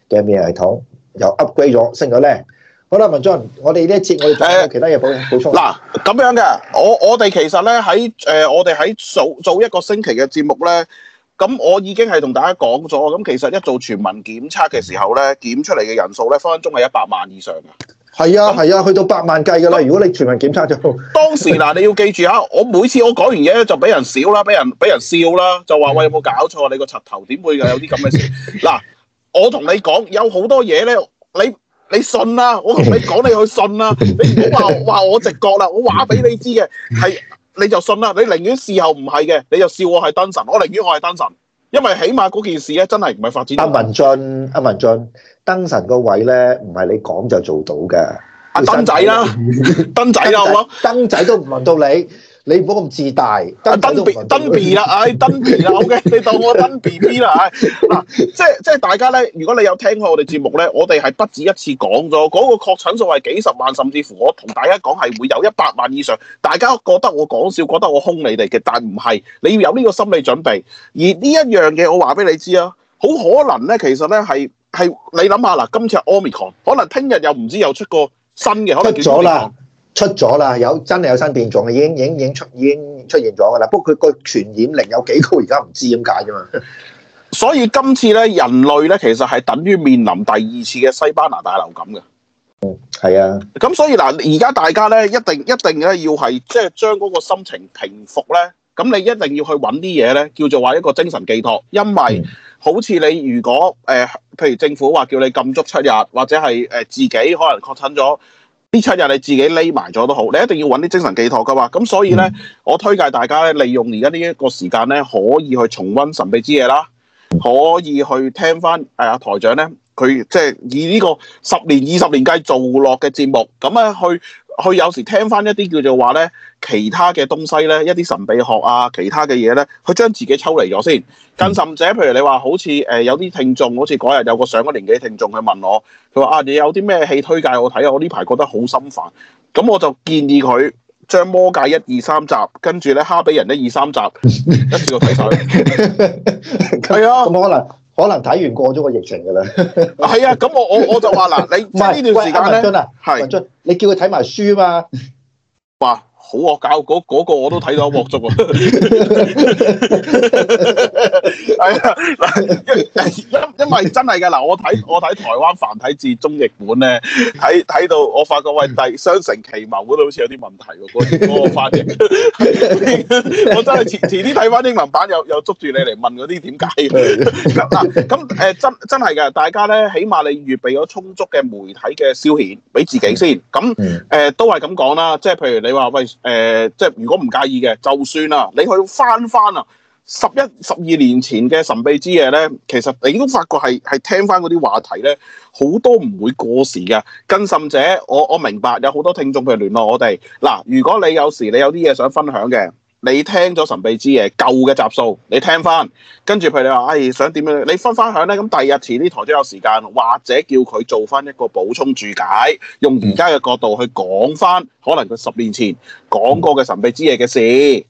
嘅免疫系統又 upgrade 咗，升咗靚。好啦，文進，我哋呢一節我哋睇下其他嘢補補充。嗱、哎、咁樣嘅，我我哋其實咧喺誒我哋喺早早一個星期嘅節目咧，咁我已經係同大家講咗，咁其實一做全民檢測嘅時候咧，檢出嚟嘅人數咧，分分鐘係一百萬以上嘅。係啊，係啊，去到百萬計噶啦！如果你全民檢測就好當時嗱，你要記住啊！我每次我講完嘢就俾人笑啦，俾人俾人笑啦，就話喂，有冇搞錯有 有啊，你你啊？你個柒頭點會有啲咁嘅事嗱？我同你講有好多嘢咧，你你信啦！我同你講，你去信啦！你唔好話話我直覺啦，我話俾你知嘅係你就信啦、啊！你寧願事後唔係嘅，你就笑我係燈神，我寧願我係燈神。因為起碼嗰件事咧，真係唔係發展。阿文俊，阿文俊，燈神個位咧，唔係你講就做到嘅。阿、啊、燈、啊、仔啦、啊，燈 仔啦、啊，燈 燈仔， 仔都唔問到你。 你唔好咁自大，登 B 登 B 啦，唉，登啦、哎、 ，OK，你當我登 BB 啦，嗱、哎， 即係即係大家咧，如果你有聽過我哋節目咧，我哋係不止一次講咗嗰個確診數係幾十萬，甚至乎我同大家講係會有一百萬以上，大家覺得我講笑，覺得我兇你哋嘅，但唔係，你要有呢個心理準備。而呢一樣嘢，我話俾你知啊，好可能咧，其實咧係係你諗下啦，今次係 Omicron，可能聽日又唔知又出個新嘅，可能幾多？出咗啦，有真係有新變種，已經已經出，已經出現咗噶啦。他不過佢個傳染力有幾高，而家唔知點解啫嘛。所以今次咧，人類咧其實係等於面臨第二次嘅西班牙大流感嘅。嗯，係啊。咁所以嗱，而家大家咧一定一定咧要係即係將嗰個心情平復咧，咁你一定要去揾啲嘢咧叫做話一個精神寄託，因為好似你如果誒、呃、譬如政府話叫你禁足七日，或者係誒、呃、自己可能確診咗。呢七日你自己匿埋咗都好，你一定要揾啲精神寄託噶嘛。咁所以呢，我推介大家咧，利用而家呢一個時間咧，可以去重溫神秘之嘢神秘之夜啦，可以去聽翻誒、呃、台長呢，佢即係以呢個十年、二十年計做落嘅節目，咁啊去。佢有時聽翻一啲叫做話咧，其他嘅東西咧，一啲神秘學啊，其他嘅嘢咧，佢將自己抽離咗先。更甚者，譬如你話好似有啲聽眾，好似嗰日有個上咗年紀嘅聽眾，佢問我，佢話啊，你有啲咩戲推介我睇啊？我呢排覺得好心煩，咁我就建議佢將《魔界》一二三集，跟住咧《哈比人》一二三集，一次過我睇晒。係啊，咁可能。可能睇完過咗個疫情㗎喇。係啊，咁我我就話嗱，你喺呢 段時間，文進啊，你叫佢睇埋書嘛，話。好惡搞嗰、嗰個我都睇到一鑊粥喎，啊，因因因為真係嘅嗱，我睇我睇台灣繁體字中譯本咧，睇睇到我發覺喂，雙、哎、城奇謀嗰度好似有啲問題喎，嗰、嗰、嗰個翻譯， 我真係遲遲啲睇翻英文版，又又捉住你嚟問嗰啲點解咁。嗱咁，誒，真真係嘅，大家咧起碼你預備咗充足嘅媒體嘅消遣俾自己先，咁誒、呃、都係咁講啦，即係譬如你話喂。誒、呃，即係如果唔介意嘅，就算啦，啊，你去翻翻啊，十一、十二年前嘅神秘之夜咧，其實你都發覺係係聽翻嗰啲話題咧，好多唔會過時嘅。更甚者，我我明白有好多聽眾去聯絡我哋嗱，如果你有時你有啲嘢想分享嘅。你聽咗神秘之夜舊嘅集數，你聽翻，跟住譬如你話，哎，想點樣？你分分享咧，咁第日遲啲台長有時間，或者叫佢做翻一個補充注解，用而家嘅角度去講翻，可能佢十年前講過嘅神秘之夜嘅事，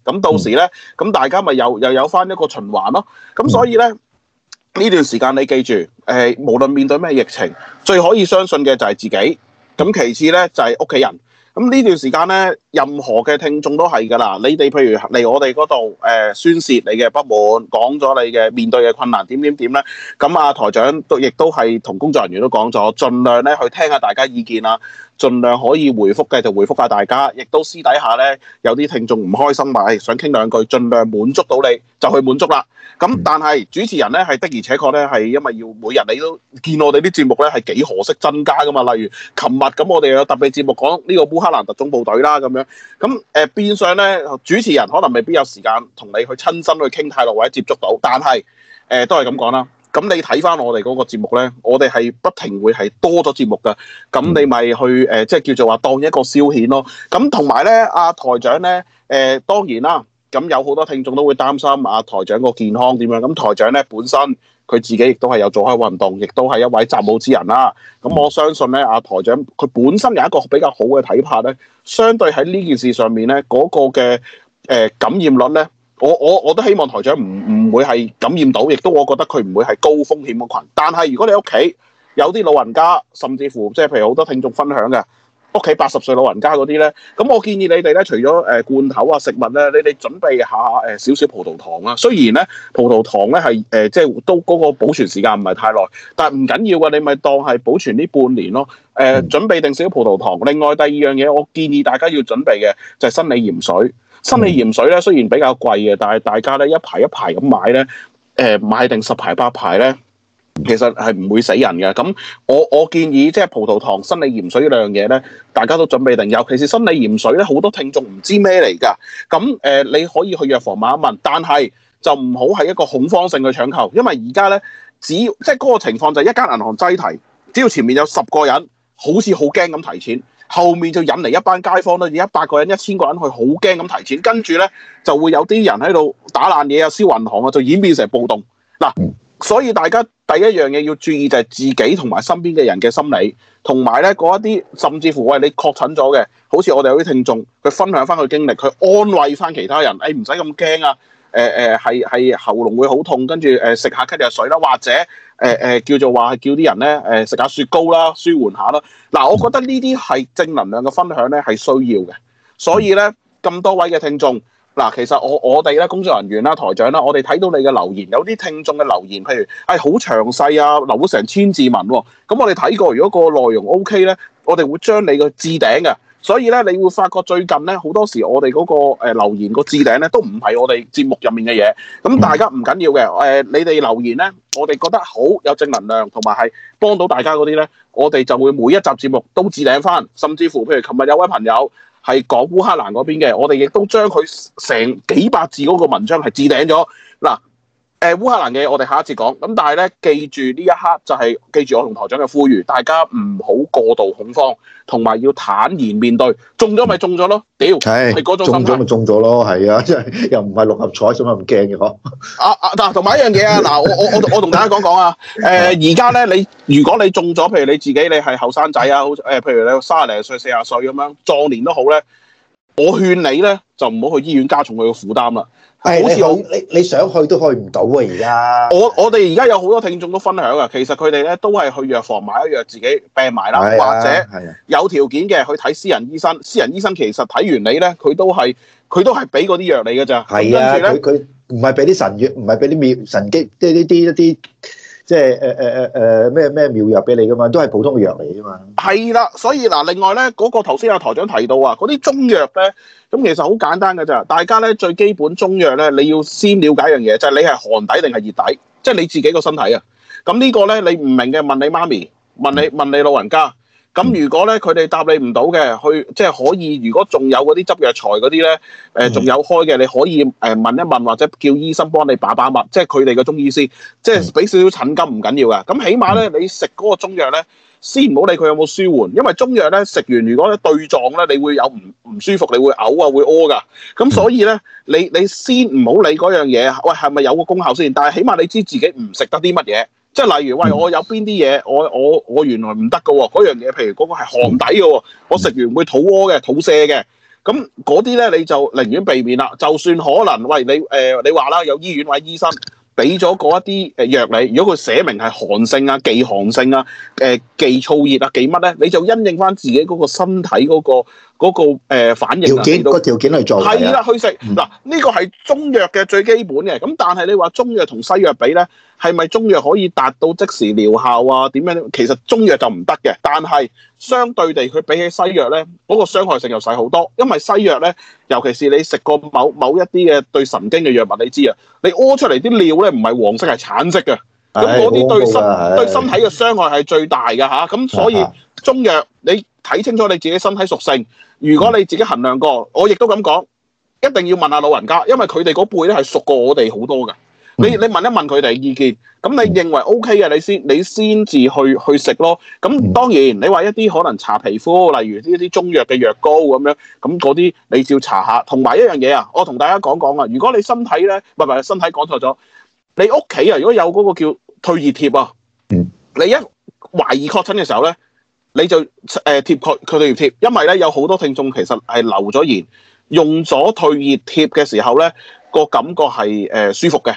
咁到時咧，咁大家咪又又有翻一個循環咯。咁所以咧，呢段時間你記住，誒，無論面對咩疫情，最可以相信嘅就係自己，咁其次咧就係屋企人。咁呢段時間咧。任何嘅聽眾都係㗎啦，你哋譬如嚟我哋嗰度，誒，宣泄你嘅不滿，講咗你嘅面對嘅困難點點點咧，咁，啊台長都亦都係同工作人員都講咗，盡量咧去聽下大家意見啊，儘量可以回覆嘅就回覆下大家，亦都私底下咧有啲聽眾唔開心話，想傾兩句，盡量滿足到你就去滿足啦。咁但係主持人咧係的而且確咧係因為要每日你都見我哋啲節目咧係幾何式增加噶嘛，例如琴日咁我哋有特別節目講呢個烏克蘭特種部隊啦咁咁誒、呃、變相咧，主持人可能未必有時間同你去親身去傾太多或者接觸到，但係誒、呃、都係咁講啦。咁你睇翻我哋嗰個節目咧，我哋係不停會係多咗節目㗎。咁你咪去誒、呃，即係叫做話當一個消遣咯。咁同埋咧，阿、啊、台長咧誒、呃，當然啦。咁有好多聽眾都會擔心阿、啊、台長個健康點樣。咁台長咧本身。佢自己亦都係有做開運動，亦都係一位習武之人啦、啊。咁我相信咧，阿台長佢本身有一個比較好嘅睇法。咧，相對喺呢件事上面咧，嗰、那個嘅誒、呃、感染率咧，我我我都希望台長唔唔會係感染到，亦都我覺得佢唔會係高風險嘅群。但係如果你屋企有啲老人家，甚至乎即係譬如好多聽眾分享嘅，屋企八十歲老人家嗰啲呢，咁我建議你哋呢，除咗誒罐頭啊食物呢，你哋準備下少少葡萄糖啦。雖然呢，葡萄糖呢係即係都嗰個保存時間唔係太耐，但唔緊要嘅，你咪當係保存呢半年咯。誒、呃，準備定少少葡萄糖。另外第二樣嘢，我建議大家要準備嘅就係、是、生理鹽水。生理鹽水呢，雖然比較貴嘅，但係大家呢，一排一排咁買呢，誒、呃、買定十排八排呢。其實係唔會死人嘅，咁我我建議即係葡萄糖、生理鹽水兩樣嘢呢，大家都準備定。尤其是生理鹽水呢，好多聽眾唔知咩嚟噶。咁誒、呃，你可以去藥房問一問。但係就唔好係一個恐慌性嘅搶購，因為而家呢，只要即係嗰個情況就係一間銀行擠提，只要前面有十個人好似好驚咁提錢，後面就引嚟一班街坊呢，而一百個人、一千個人去好驚咁提錢，跟住呢，就會有啲人喺度打爛嘢啊、燒銀行啊，就演變成暴動嗱。所以大家第一樣嘢要注意就係自己同埋身邊嘅人嘅心理，同埋咧嗰一啲甚至乎我係你確診咗嘅，好似我哋有啲聽眾，佢分享翻佢經歷，佢安慰翻其他人，誒唔使咁驚啊，誒誒係係喉嚨會好痛，跟住誒食下咳藥水啦，或者誒誒、呃、叫做話係叫啲人咧誒食下雪糕啦，舒緩下啦。嗱，我覺得呢啲係正能量嘅分享咧係需要嘅，所以咧咁多位嘅聽眾。嗱，其實我我哋咧，工作人員啦，台長啦，我哋睇到你嘅留言，有啲聽眾嘅留言，譬如係好、哎、詳細啊，留成千字文喎，哦。咁我哋睇過，如果個內容 O K 咧，我哋會將你嘅置頂嘅。所以咧，你會發覺最近咧好多時，我哋嗰個誒留言個置頂咧都唔係我哋節目入面嘅嘢。咁大家唔緊要嘅，誒你哋留言咧，我哋覺得好有正能量同埋係幫到大家嗰啲咧，我哋就會每一集節目都置頂翻，甚至乎譬如琴日有位朋友。係講烏克蘭嗰邊嘅，我哋亦都將佢成幾百字嗰個文章係置頂咗，嗱。誒、呃，烏克蘭嘅我哋下一次講，咁但係咧，記住呢一刻就係、是、記住我同台長嘅呼籲，大家唔好過度恐慌，同埋要坦然面對，中咗咪中咗咯，屌、嗯、係、哎，你嗰種心，中咗咪中咗咯，係啊，即係又唔係六合彩，所以唔驚嘅啊啊，嗱、啊，同、啊、埋一樣嘢 啊，嗱，我我我我同大家講講啊，誒、呃，而家咧你如果你中咗，譬如你自己你係後生仔啊，好誒，譬如你卅零歲四十歲咁樣，壯年都好咧。我勸你咧，就唔好去醫院加重佢個負擔啦。係好似我，你你，你想去都去唔到啊！而家我我哋而家有好多聽眾都分享啊，其實佢哋咧都係去藥房買咗藥自己病埋啦，啊，或者有條件嘅去睇私人醫生。私人醫生其實睇完你咧，佢都係佢都係俾嗰啲藥你噶咋。係啊，佢佢唔係俾啲神藥，唔係俾啲妙神機，即係呢啲一啲。即係誒誒誒誒咩咩妙藥俾你噶嘛，都係普通嘅藥嚟啫嘛。係啦，所以嗱，另外咧嗰、那個頭先阿台長提到啊，嗰啲中藥咧，咁其實好簡單㗎咋。大家咧最基本中藥咧，你要先了解一樣嘢，就係、是、你係寒底定係熱底，即、就、係、是、你自己個身體啊。咁呢個咧你唔明嘅，問你媽咪，問你、嗯、問你老人家。咁如果咧佢哋答你唔到嘅，去即係可以。如果仲有嗰啲執藥材嗰啲咧，呃、仲有開嘅，你可以、呃、問一問或者叫醫生幫你把把脈，即係佢哋嘅中醫師，即係俾少少診金唔緊要㗎。咁起碼咧，你食嗰個中藥咧，先唔好理佢有冇舒緩，因為中藥咧食完如果咧對撞咧，你會有唔唔舒服，你會嘔啊會屙噶。咁所以咧，你你先唔好理嗰樣嘢，喂係咪有個功效先？但係起碼你知自己唔食得啲乜嘢。即係例如，喂，我有邊啲嘢，我我我原來唔得嘅喎，嗰樣嘢，譬如嗰個係寒底嘅喎，我食完會肚屙嘅，肚瀉嘅，咁嗰啲咧你就寧願避免啦。就算可能，喂，你誒、呃、你話啦，有醫院或醫生俾咗嗰一啲誒藥你，如果佢寫明係寒性啊、忌寒性啊、誒忌燥熱啊、忌乜咧，你就因應翻自己嗰個身體嗰個。嗰個誒、呃、反應、啊，個條件嚟做係啦，去食嗱呢個係中藥嘅最基本嘅。咁但係你話中藥同西藥比咧，係咪中藥可以達到即時療效啊？點樣？其實中藥就唔得嘅，但係相對地，佢比起西藥咧，嗰個傷害性又細好多。因為西藥咧，尤其是你食過某某一啲嘅對神經嘅藥物，你知啊，你屙出嚟啲尿咧唔係黃色係橙色嘅，咁嗰啲對身對，對身體嘅傷害係最大嘅吓，咁所以中藥你。睇清楚你自己身體屬性，如果你自己衡量過，我亦都咁講，一定要問下老人家，因為佢哋嗰輩咧係熟過我哋好多嘅。你你問一問佢哋意見，咁你認為 OK 嘅，你先你先至去去食咯。咁當然你話一啲可能搽皮膚，例如呢啲中藥嘅藥膏咁樣，咁嗰啲你照查下。同埋一樣嘢啊，我同大家講講啊，如果你身體咧，唔係唔係身體講錯咗，你屋企啊如果有嗰個叫退熱貼啊，你一懷疑確診嘅時候咧。你就誒、呃、貼佢佢哋退熱貼，因為咧有好多聽眾其實係留咗言，用咗退熱貼嘅時候咧，個感覺係誒、呃、舒服嘅。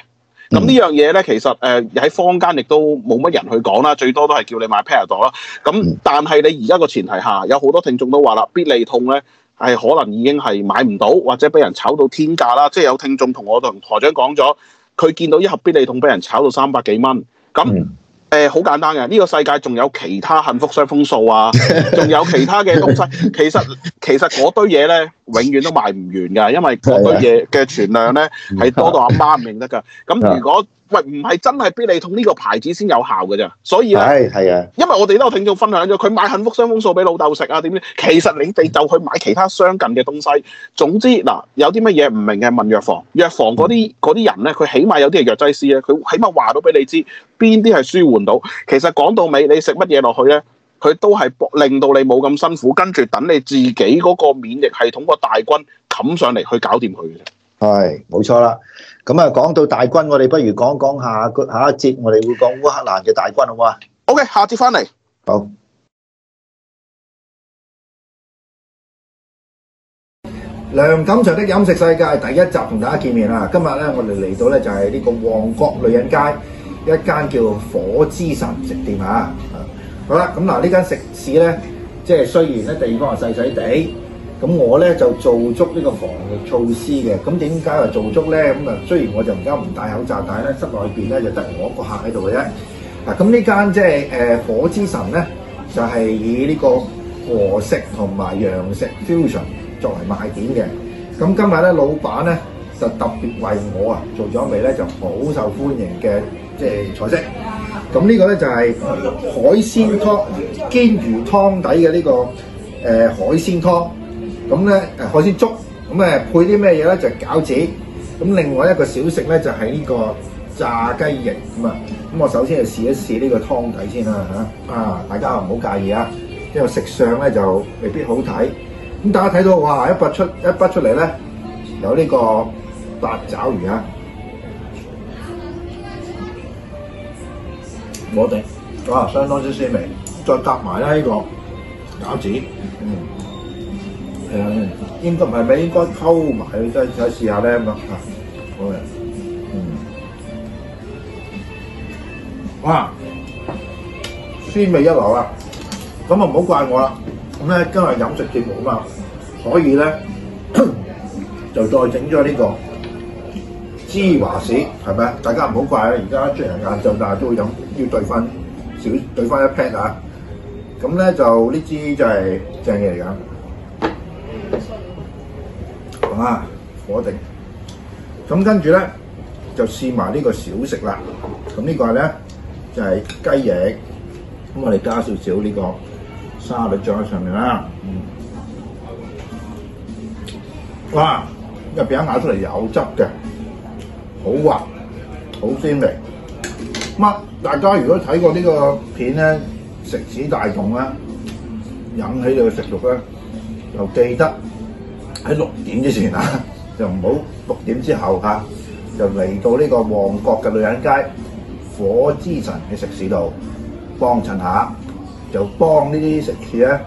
咁呢樣嘢咧，其實誒喺、呃、坊間亦都冇乜人去講啦，最多都係叫你買 Panadol 啦。咁但係你而家個前提下，有好多聽眾都話啦，必利痛咧係可能已經係買唔到，或者俾人炒到天價啦。即係有聽眾同我同台長講咗，佢見到一盒必利痛俾人炒到三百幾蚊咁。誒，好簡單嘅，呢個世界仲有其他幸福傷風素啊，仲有其他嘅東西。 其實其實嗰堆嘢咧，永遠都賣唔完噶因為嗰堆嘢嘅存量咧係 多到阿媽唔認得噶。咁如果 喂，唔係真係必理痛呢個牌子先有效嘅啫，所以呢，係係啊，因為我哋都有聽眾分享咗，佢買幸福傷風素俾老豆食啊，點知。其實你哋就去買其他相近嘅東西。總之嗱，有啲乜嘢唔明嘅問藥房，藥房嗰啲嗰啲人咧，佢起碼有啲係藥劑師咧，佢起碼話到俾你知。邊啲係舒緩到？其實講到尾，你食乜嘢落去呢，佢都係博令到你冇咁辛苦，跟住等你自己嗰個免疫系統個大軍冚上嚟去搞掂佢嘅。係冇錯啦。咁啊，講到大軍，我哋不如講講下下一節，我哋會講烏克蘭嘅大軍喎。O K，下節翻嚟。好。梁錦祥的飲食世界第一集同大家見面啦。今日呢，我哋嚟到呢就係呢個旺角女人街。一間叫火之神食店啊，啊好啦，咁嗱呢間食肆咧，即係雖然咧地方係細細地，咁我咧就做足呢個防疫措施嘅。咁點解話做足咧？咁啊雖然我就而家唔戴口罩，但係咧室內邊咧就得我一個客喺度嘅啫。嗱，咁呢間即係誒火之神咧，就係以呢個和食同埋洋食 fusion 作為賣點嘅。咁今日咧，老闆咧就特別為我啊做咗一味咧就好受歡迎嘅。即係菜色，咁、這個呃、呢個咧就係海鮮湯，鰻魚湯底嘅呢個誒海鮮湯，咁咧誒海鮮粥，咁誒配啲咩嘢咧？就餃、是、子，咁另外一個小食咧就係、是、呢個炸雞翼咁啊，咁我首先就試一試呢個湯底先啦、啊、嚇，啊大家唔好介意啊，因為食相咧就未必好睇，咁大家睇到哇一拔出一拔出嚟咧，有呢個八爪魚啊！我哋哇，相當之鮮味，再夾埋啦呢個餃子，嗯，係啊，應該唔係咩，應該溝埋，再試下呢，咁啊，好啊，嗯，哇，鮮味一流啊，咁就唔好怪我啦，咁今日飲食節目啊嘛，所以呢，就再整咗呢個。芝華士係咪大家唔好怪啊！而家出嚟晏晝，但係都會飲，要兌翻少，兌翻一 pat 啊！咁咧就呢支就係正嘢嚟㗎。咁信。火定！咁跟住咧就試埋呢個小食啦。咁呢個咧就係、係、雞翼。咁我哋加少少呢個沙律醬喺上面啦。嗯。哇、啊！個餅咬出嚟有汁嘅。好滑，好鮮味。咁大家如果睇過呢個片咧，食肆大眾咧，引起你嘅食欲，咧，就記得喺六點之前啊，就唔好六點之後嚇，就嚟到呢個旺角嘅女人街火之神嘅食肆度幫襯下，就幫呢啲食肆咧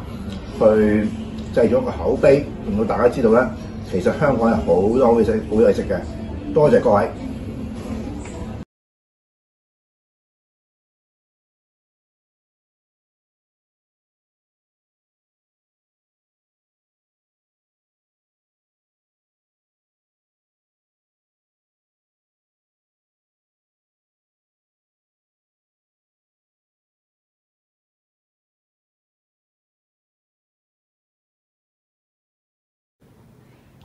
去製咗個口碑，令到大家知道咧，其實香港有好多好嘢食，好嘢食嘅。多謝各位。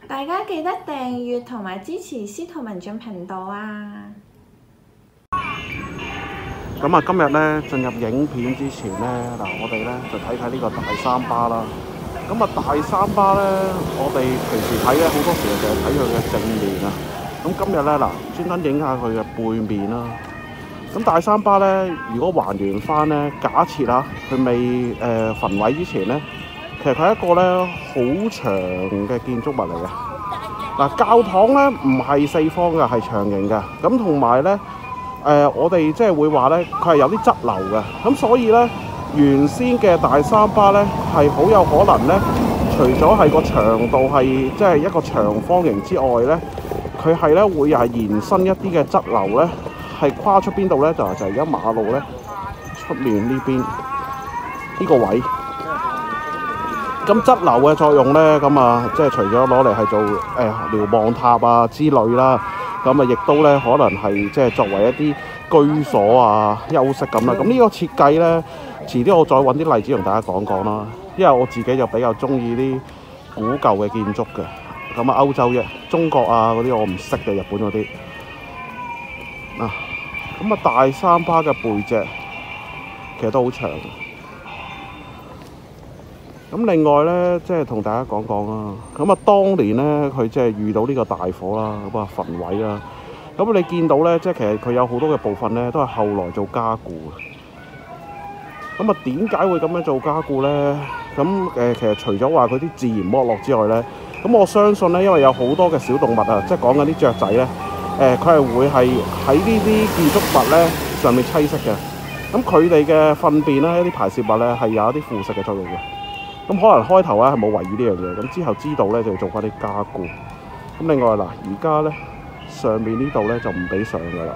大家記得訂閱同埋支持司徒文進頻道啊！咁啊，今日咧進入影片之前咧，嗱，我哋咧就睇睇呢個大三巴啦。咁啊，大三巴咧，我哋平時睇咧好多時就係睇佢嘅正面啊。咁今日咧，嗱，專登影下佢嘅背面啦。咁大三巴咧，如果還原返咧，假設啊，佢未誒焚毀之前咧。其實佢係一個咧好長嘅建築物嚟嘅，嗱，教堂咧唔係四方嘅，係長形嘅。咁同埋咧，誒、呃、我哋即係會話咧，佢係有啲側流嘅。咁所以咧，原先嘅大三巴咧係好有可能咧，除咗係個長度係即係一個長方形之外咧，佢係咧會又延伸一啲嘅側流咧，係跨出邊度咧？就係就而家馬路咧出面呢邊呢個位。咁側樓嘅作用咧，咁啊，即係除咗攞嚟係做誒瞭望塔啊之類啦，咁啊，亦都咧可能係即係作為一啲居所啊、休息咁啦。咁呢個設計咧，遲啲我再搵啲例子同大家講講啦，因為我自己就比較中意啲古舊嘅建築嘅。咁啊，歐洲啫，中國啊嗰啲我唔識嘅，日本嗰啲啊。咁啊，大三巴嘅背脊其實都好長。咁另外咧，即係同大家講講啦。咁啊，當年咧，佢即係遇到呢個大火啦，咁啊，焚毀啦。咁你見到咧，即係其實佢有好多嘅部分咧，都係後來做加固嘅。咁啊，點解會咁樣做加固咧？咁誒，其實除咗話佢啲自然剝落之外咧，咁我相信咧，因為有好多嘅小動物啊，即係講緊啲雀仔咧，誒佢係會係喺呢啲建築物咧上面棲息嘅。咁佢哋嘅糞便咧、一啲排泄物咧，係有一啲腐蝕嘅作用嘅。咁可能開頭咧係冇懷疑呢樣嘢，咁之後知道咧就要做翻啲加固。咁另外嗱，而家咧上面呢度咧就唔俾上噶啦。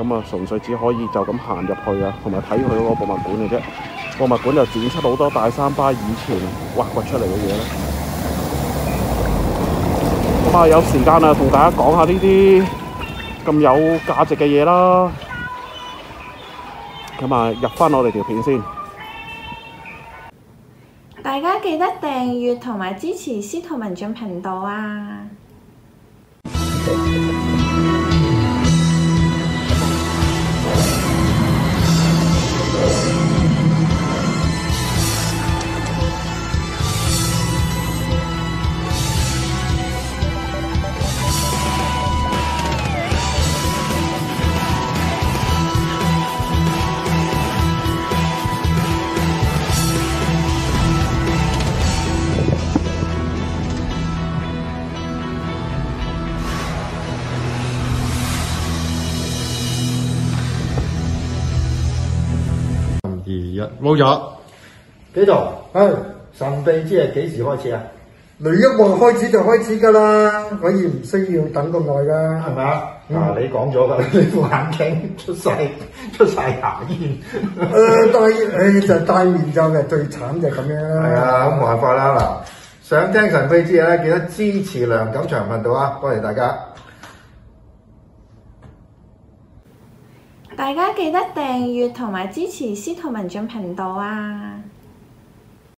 咁啊，純粹只可以就咁行入去啊，同埋睇佢嗰個博物館嘅啫。博物館又展出好多大三巴以前挖掘出嚟嘅嘢啦。咁、嗯、啊，有時間啊，同大家講下呢啲咁有價值嘅嘢啦。咁啊，入翻我哋條片先。大家記得訂閱同埋支持司徒文進頻道啊！冇有幾度、哎，神秘之夜幾時開始啊？雷一雲開始就開始㗎啦，可以唔需要等咁耐㗎，係咪、嗯、啊？你講咗㗎，你副眼睛出晒，出曬牙煙。誒、呃、對，誒、 哎、就戴、是、面罩嘅最慘就咁樣係啊，冇辦法啦嗱，想聽神秘之夜呢，記得支持梁錦祥頻道啊，多謝大家。大家記得訂閱同埋支持司徒文進頻道啊！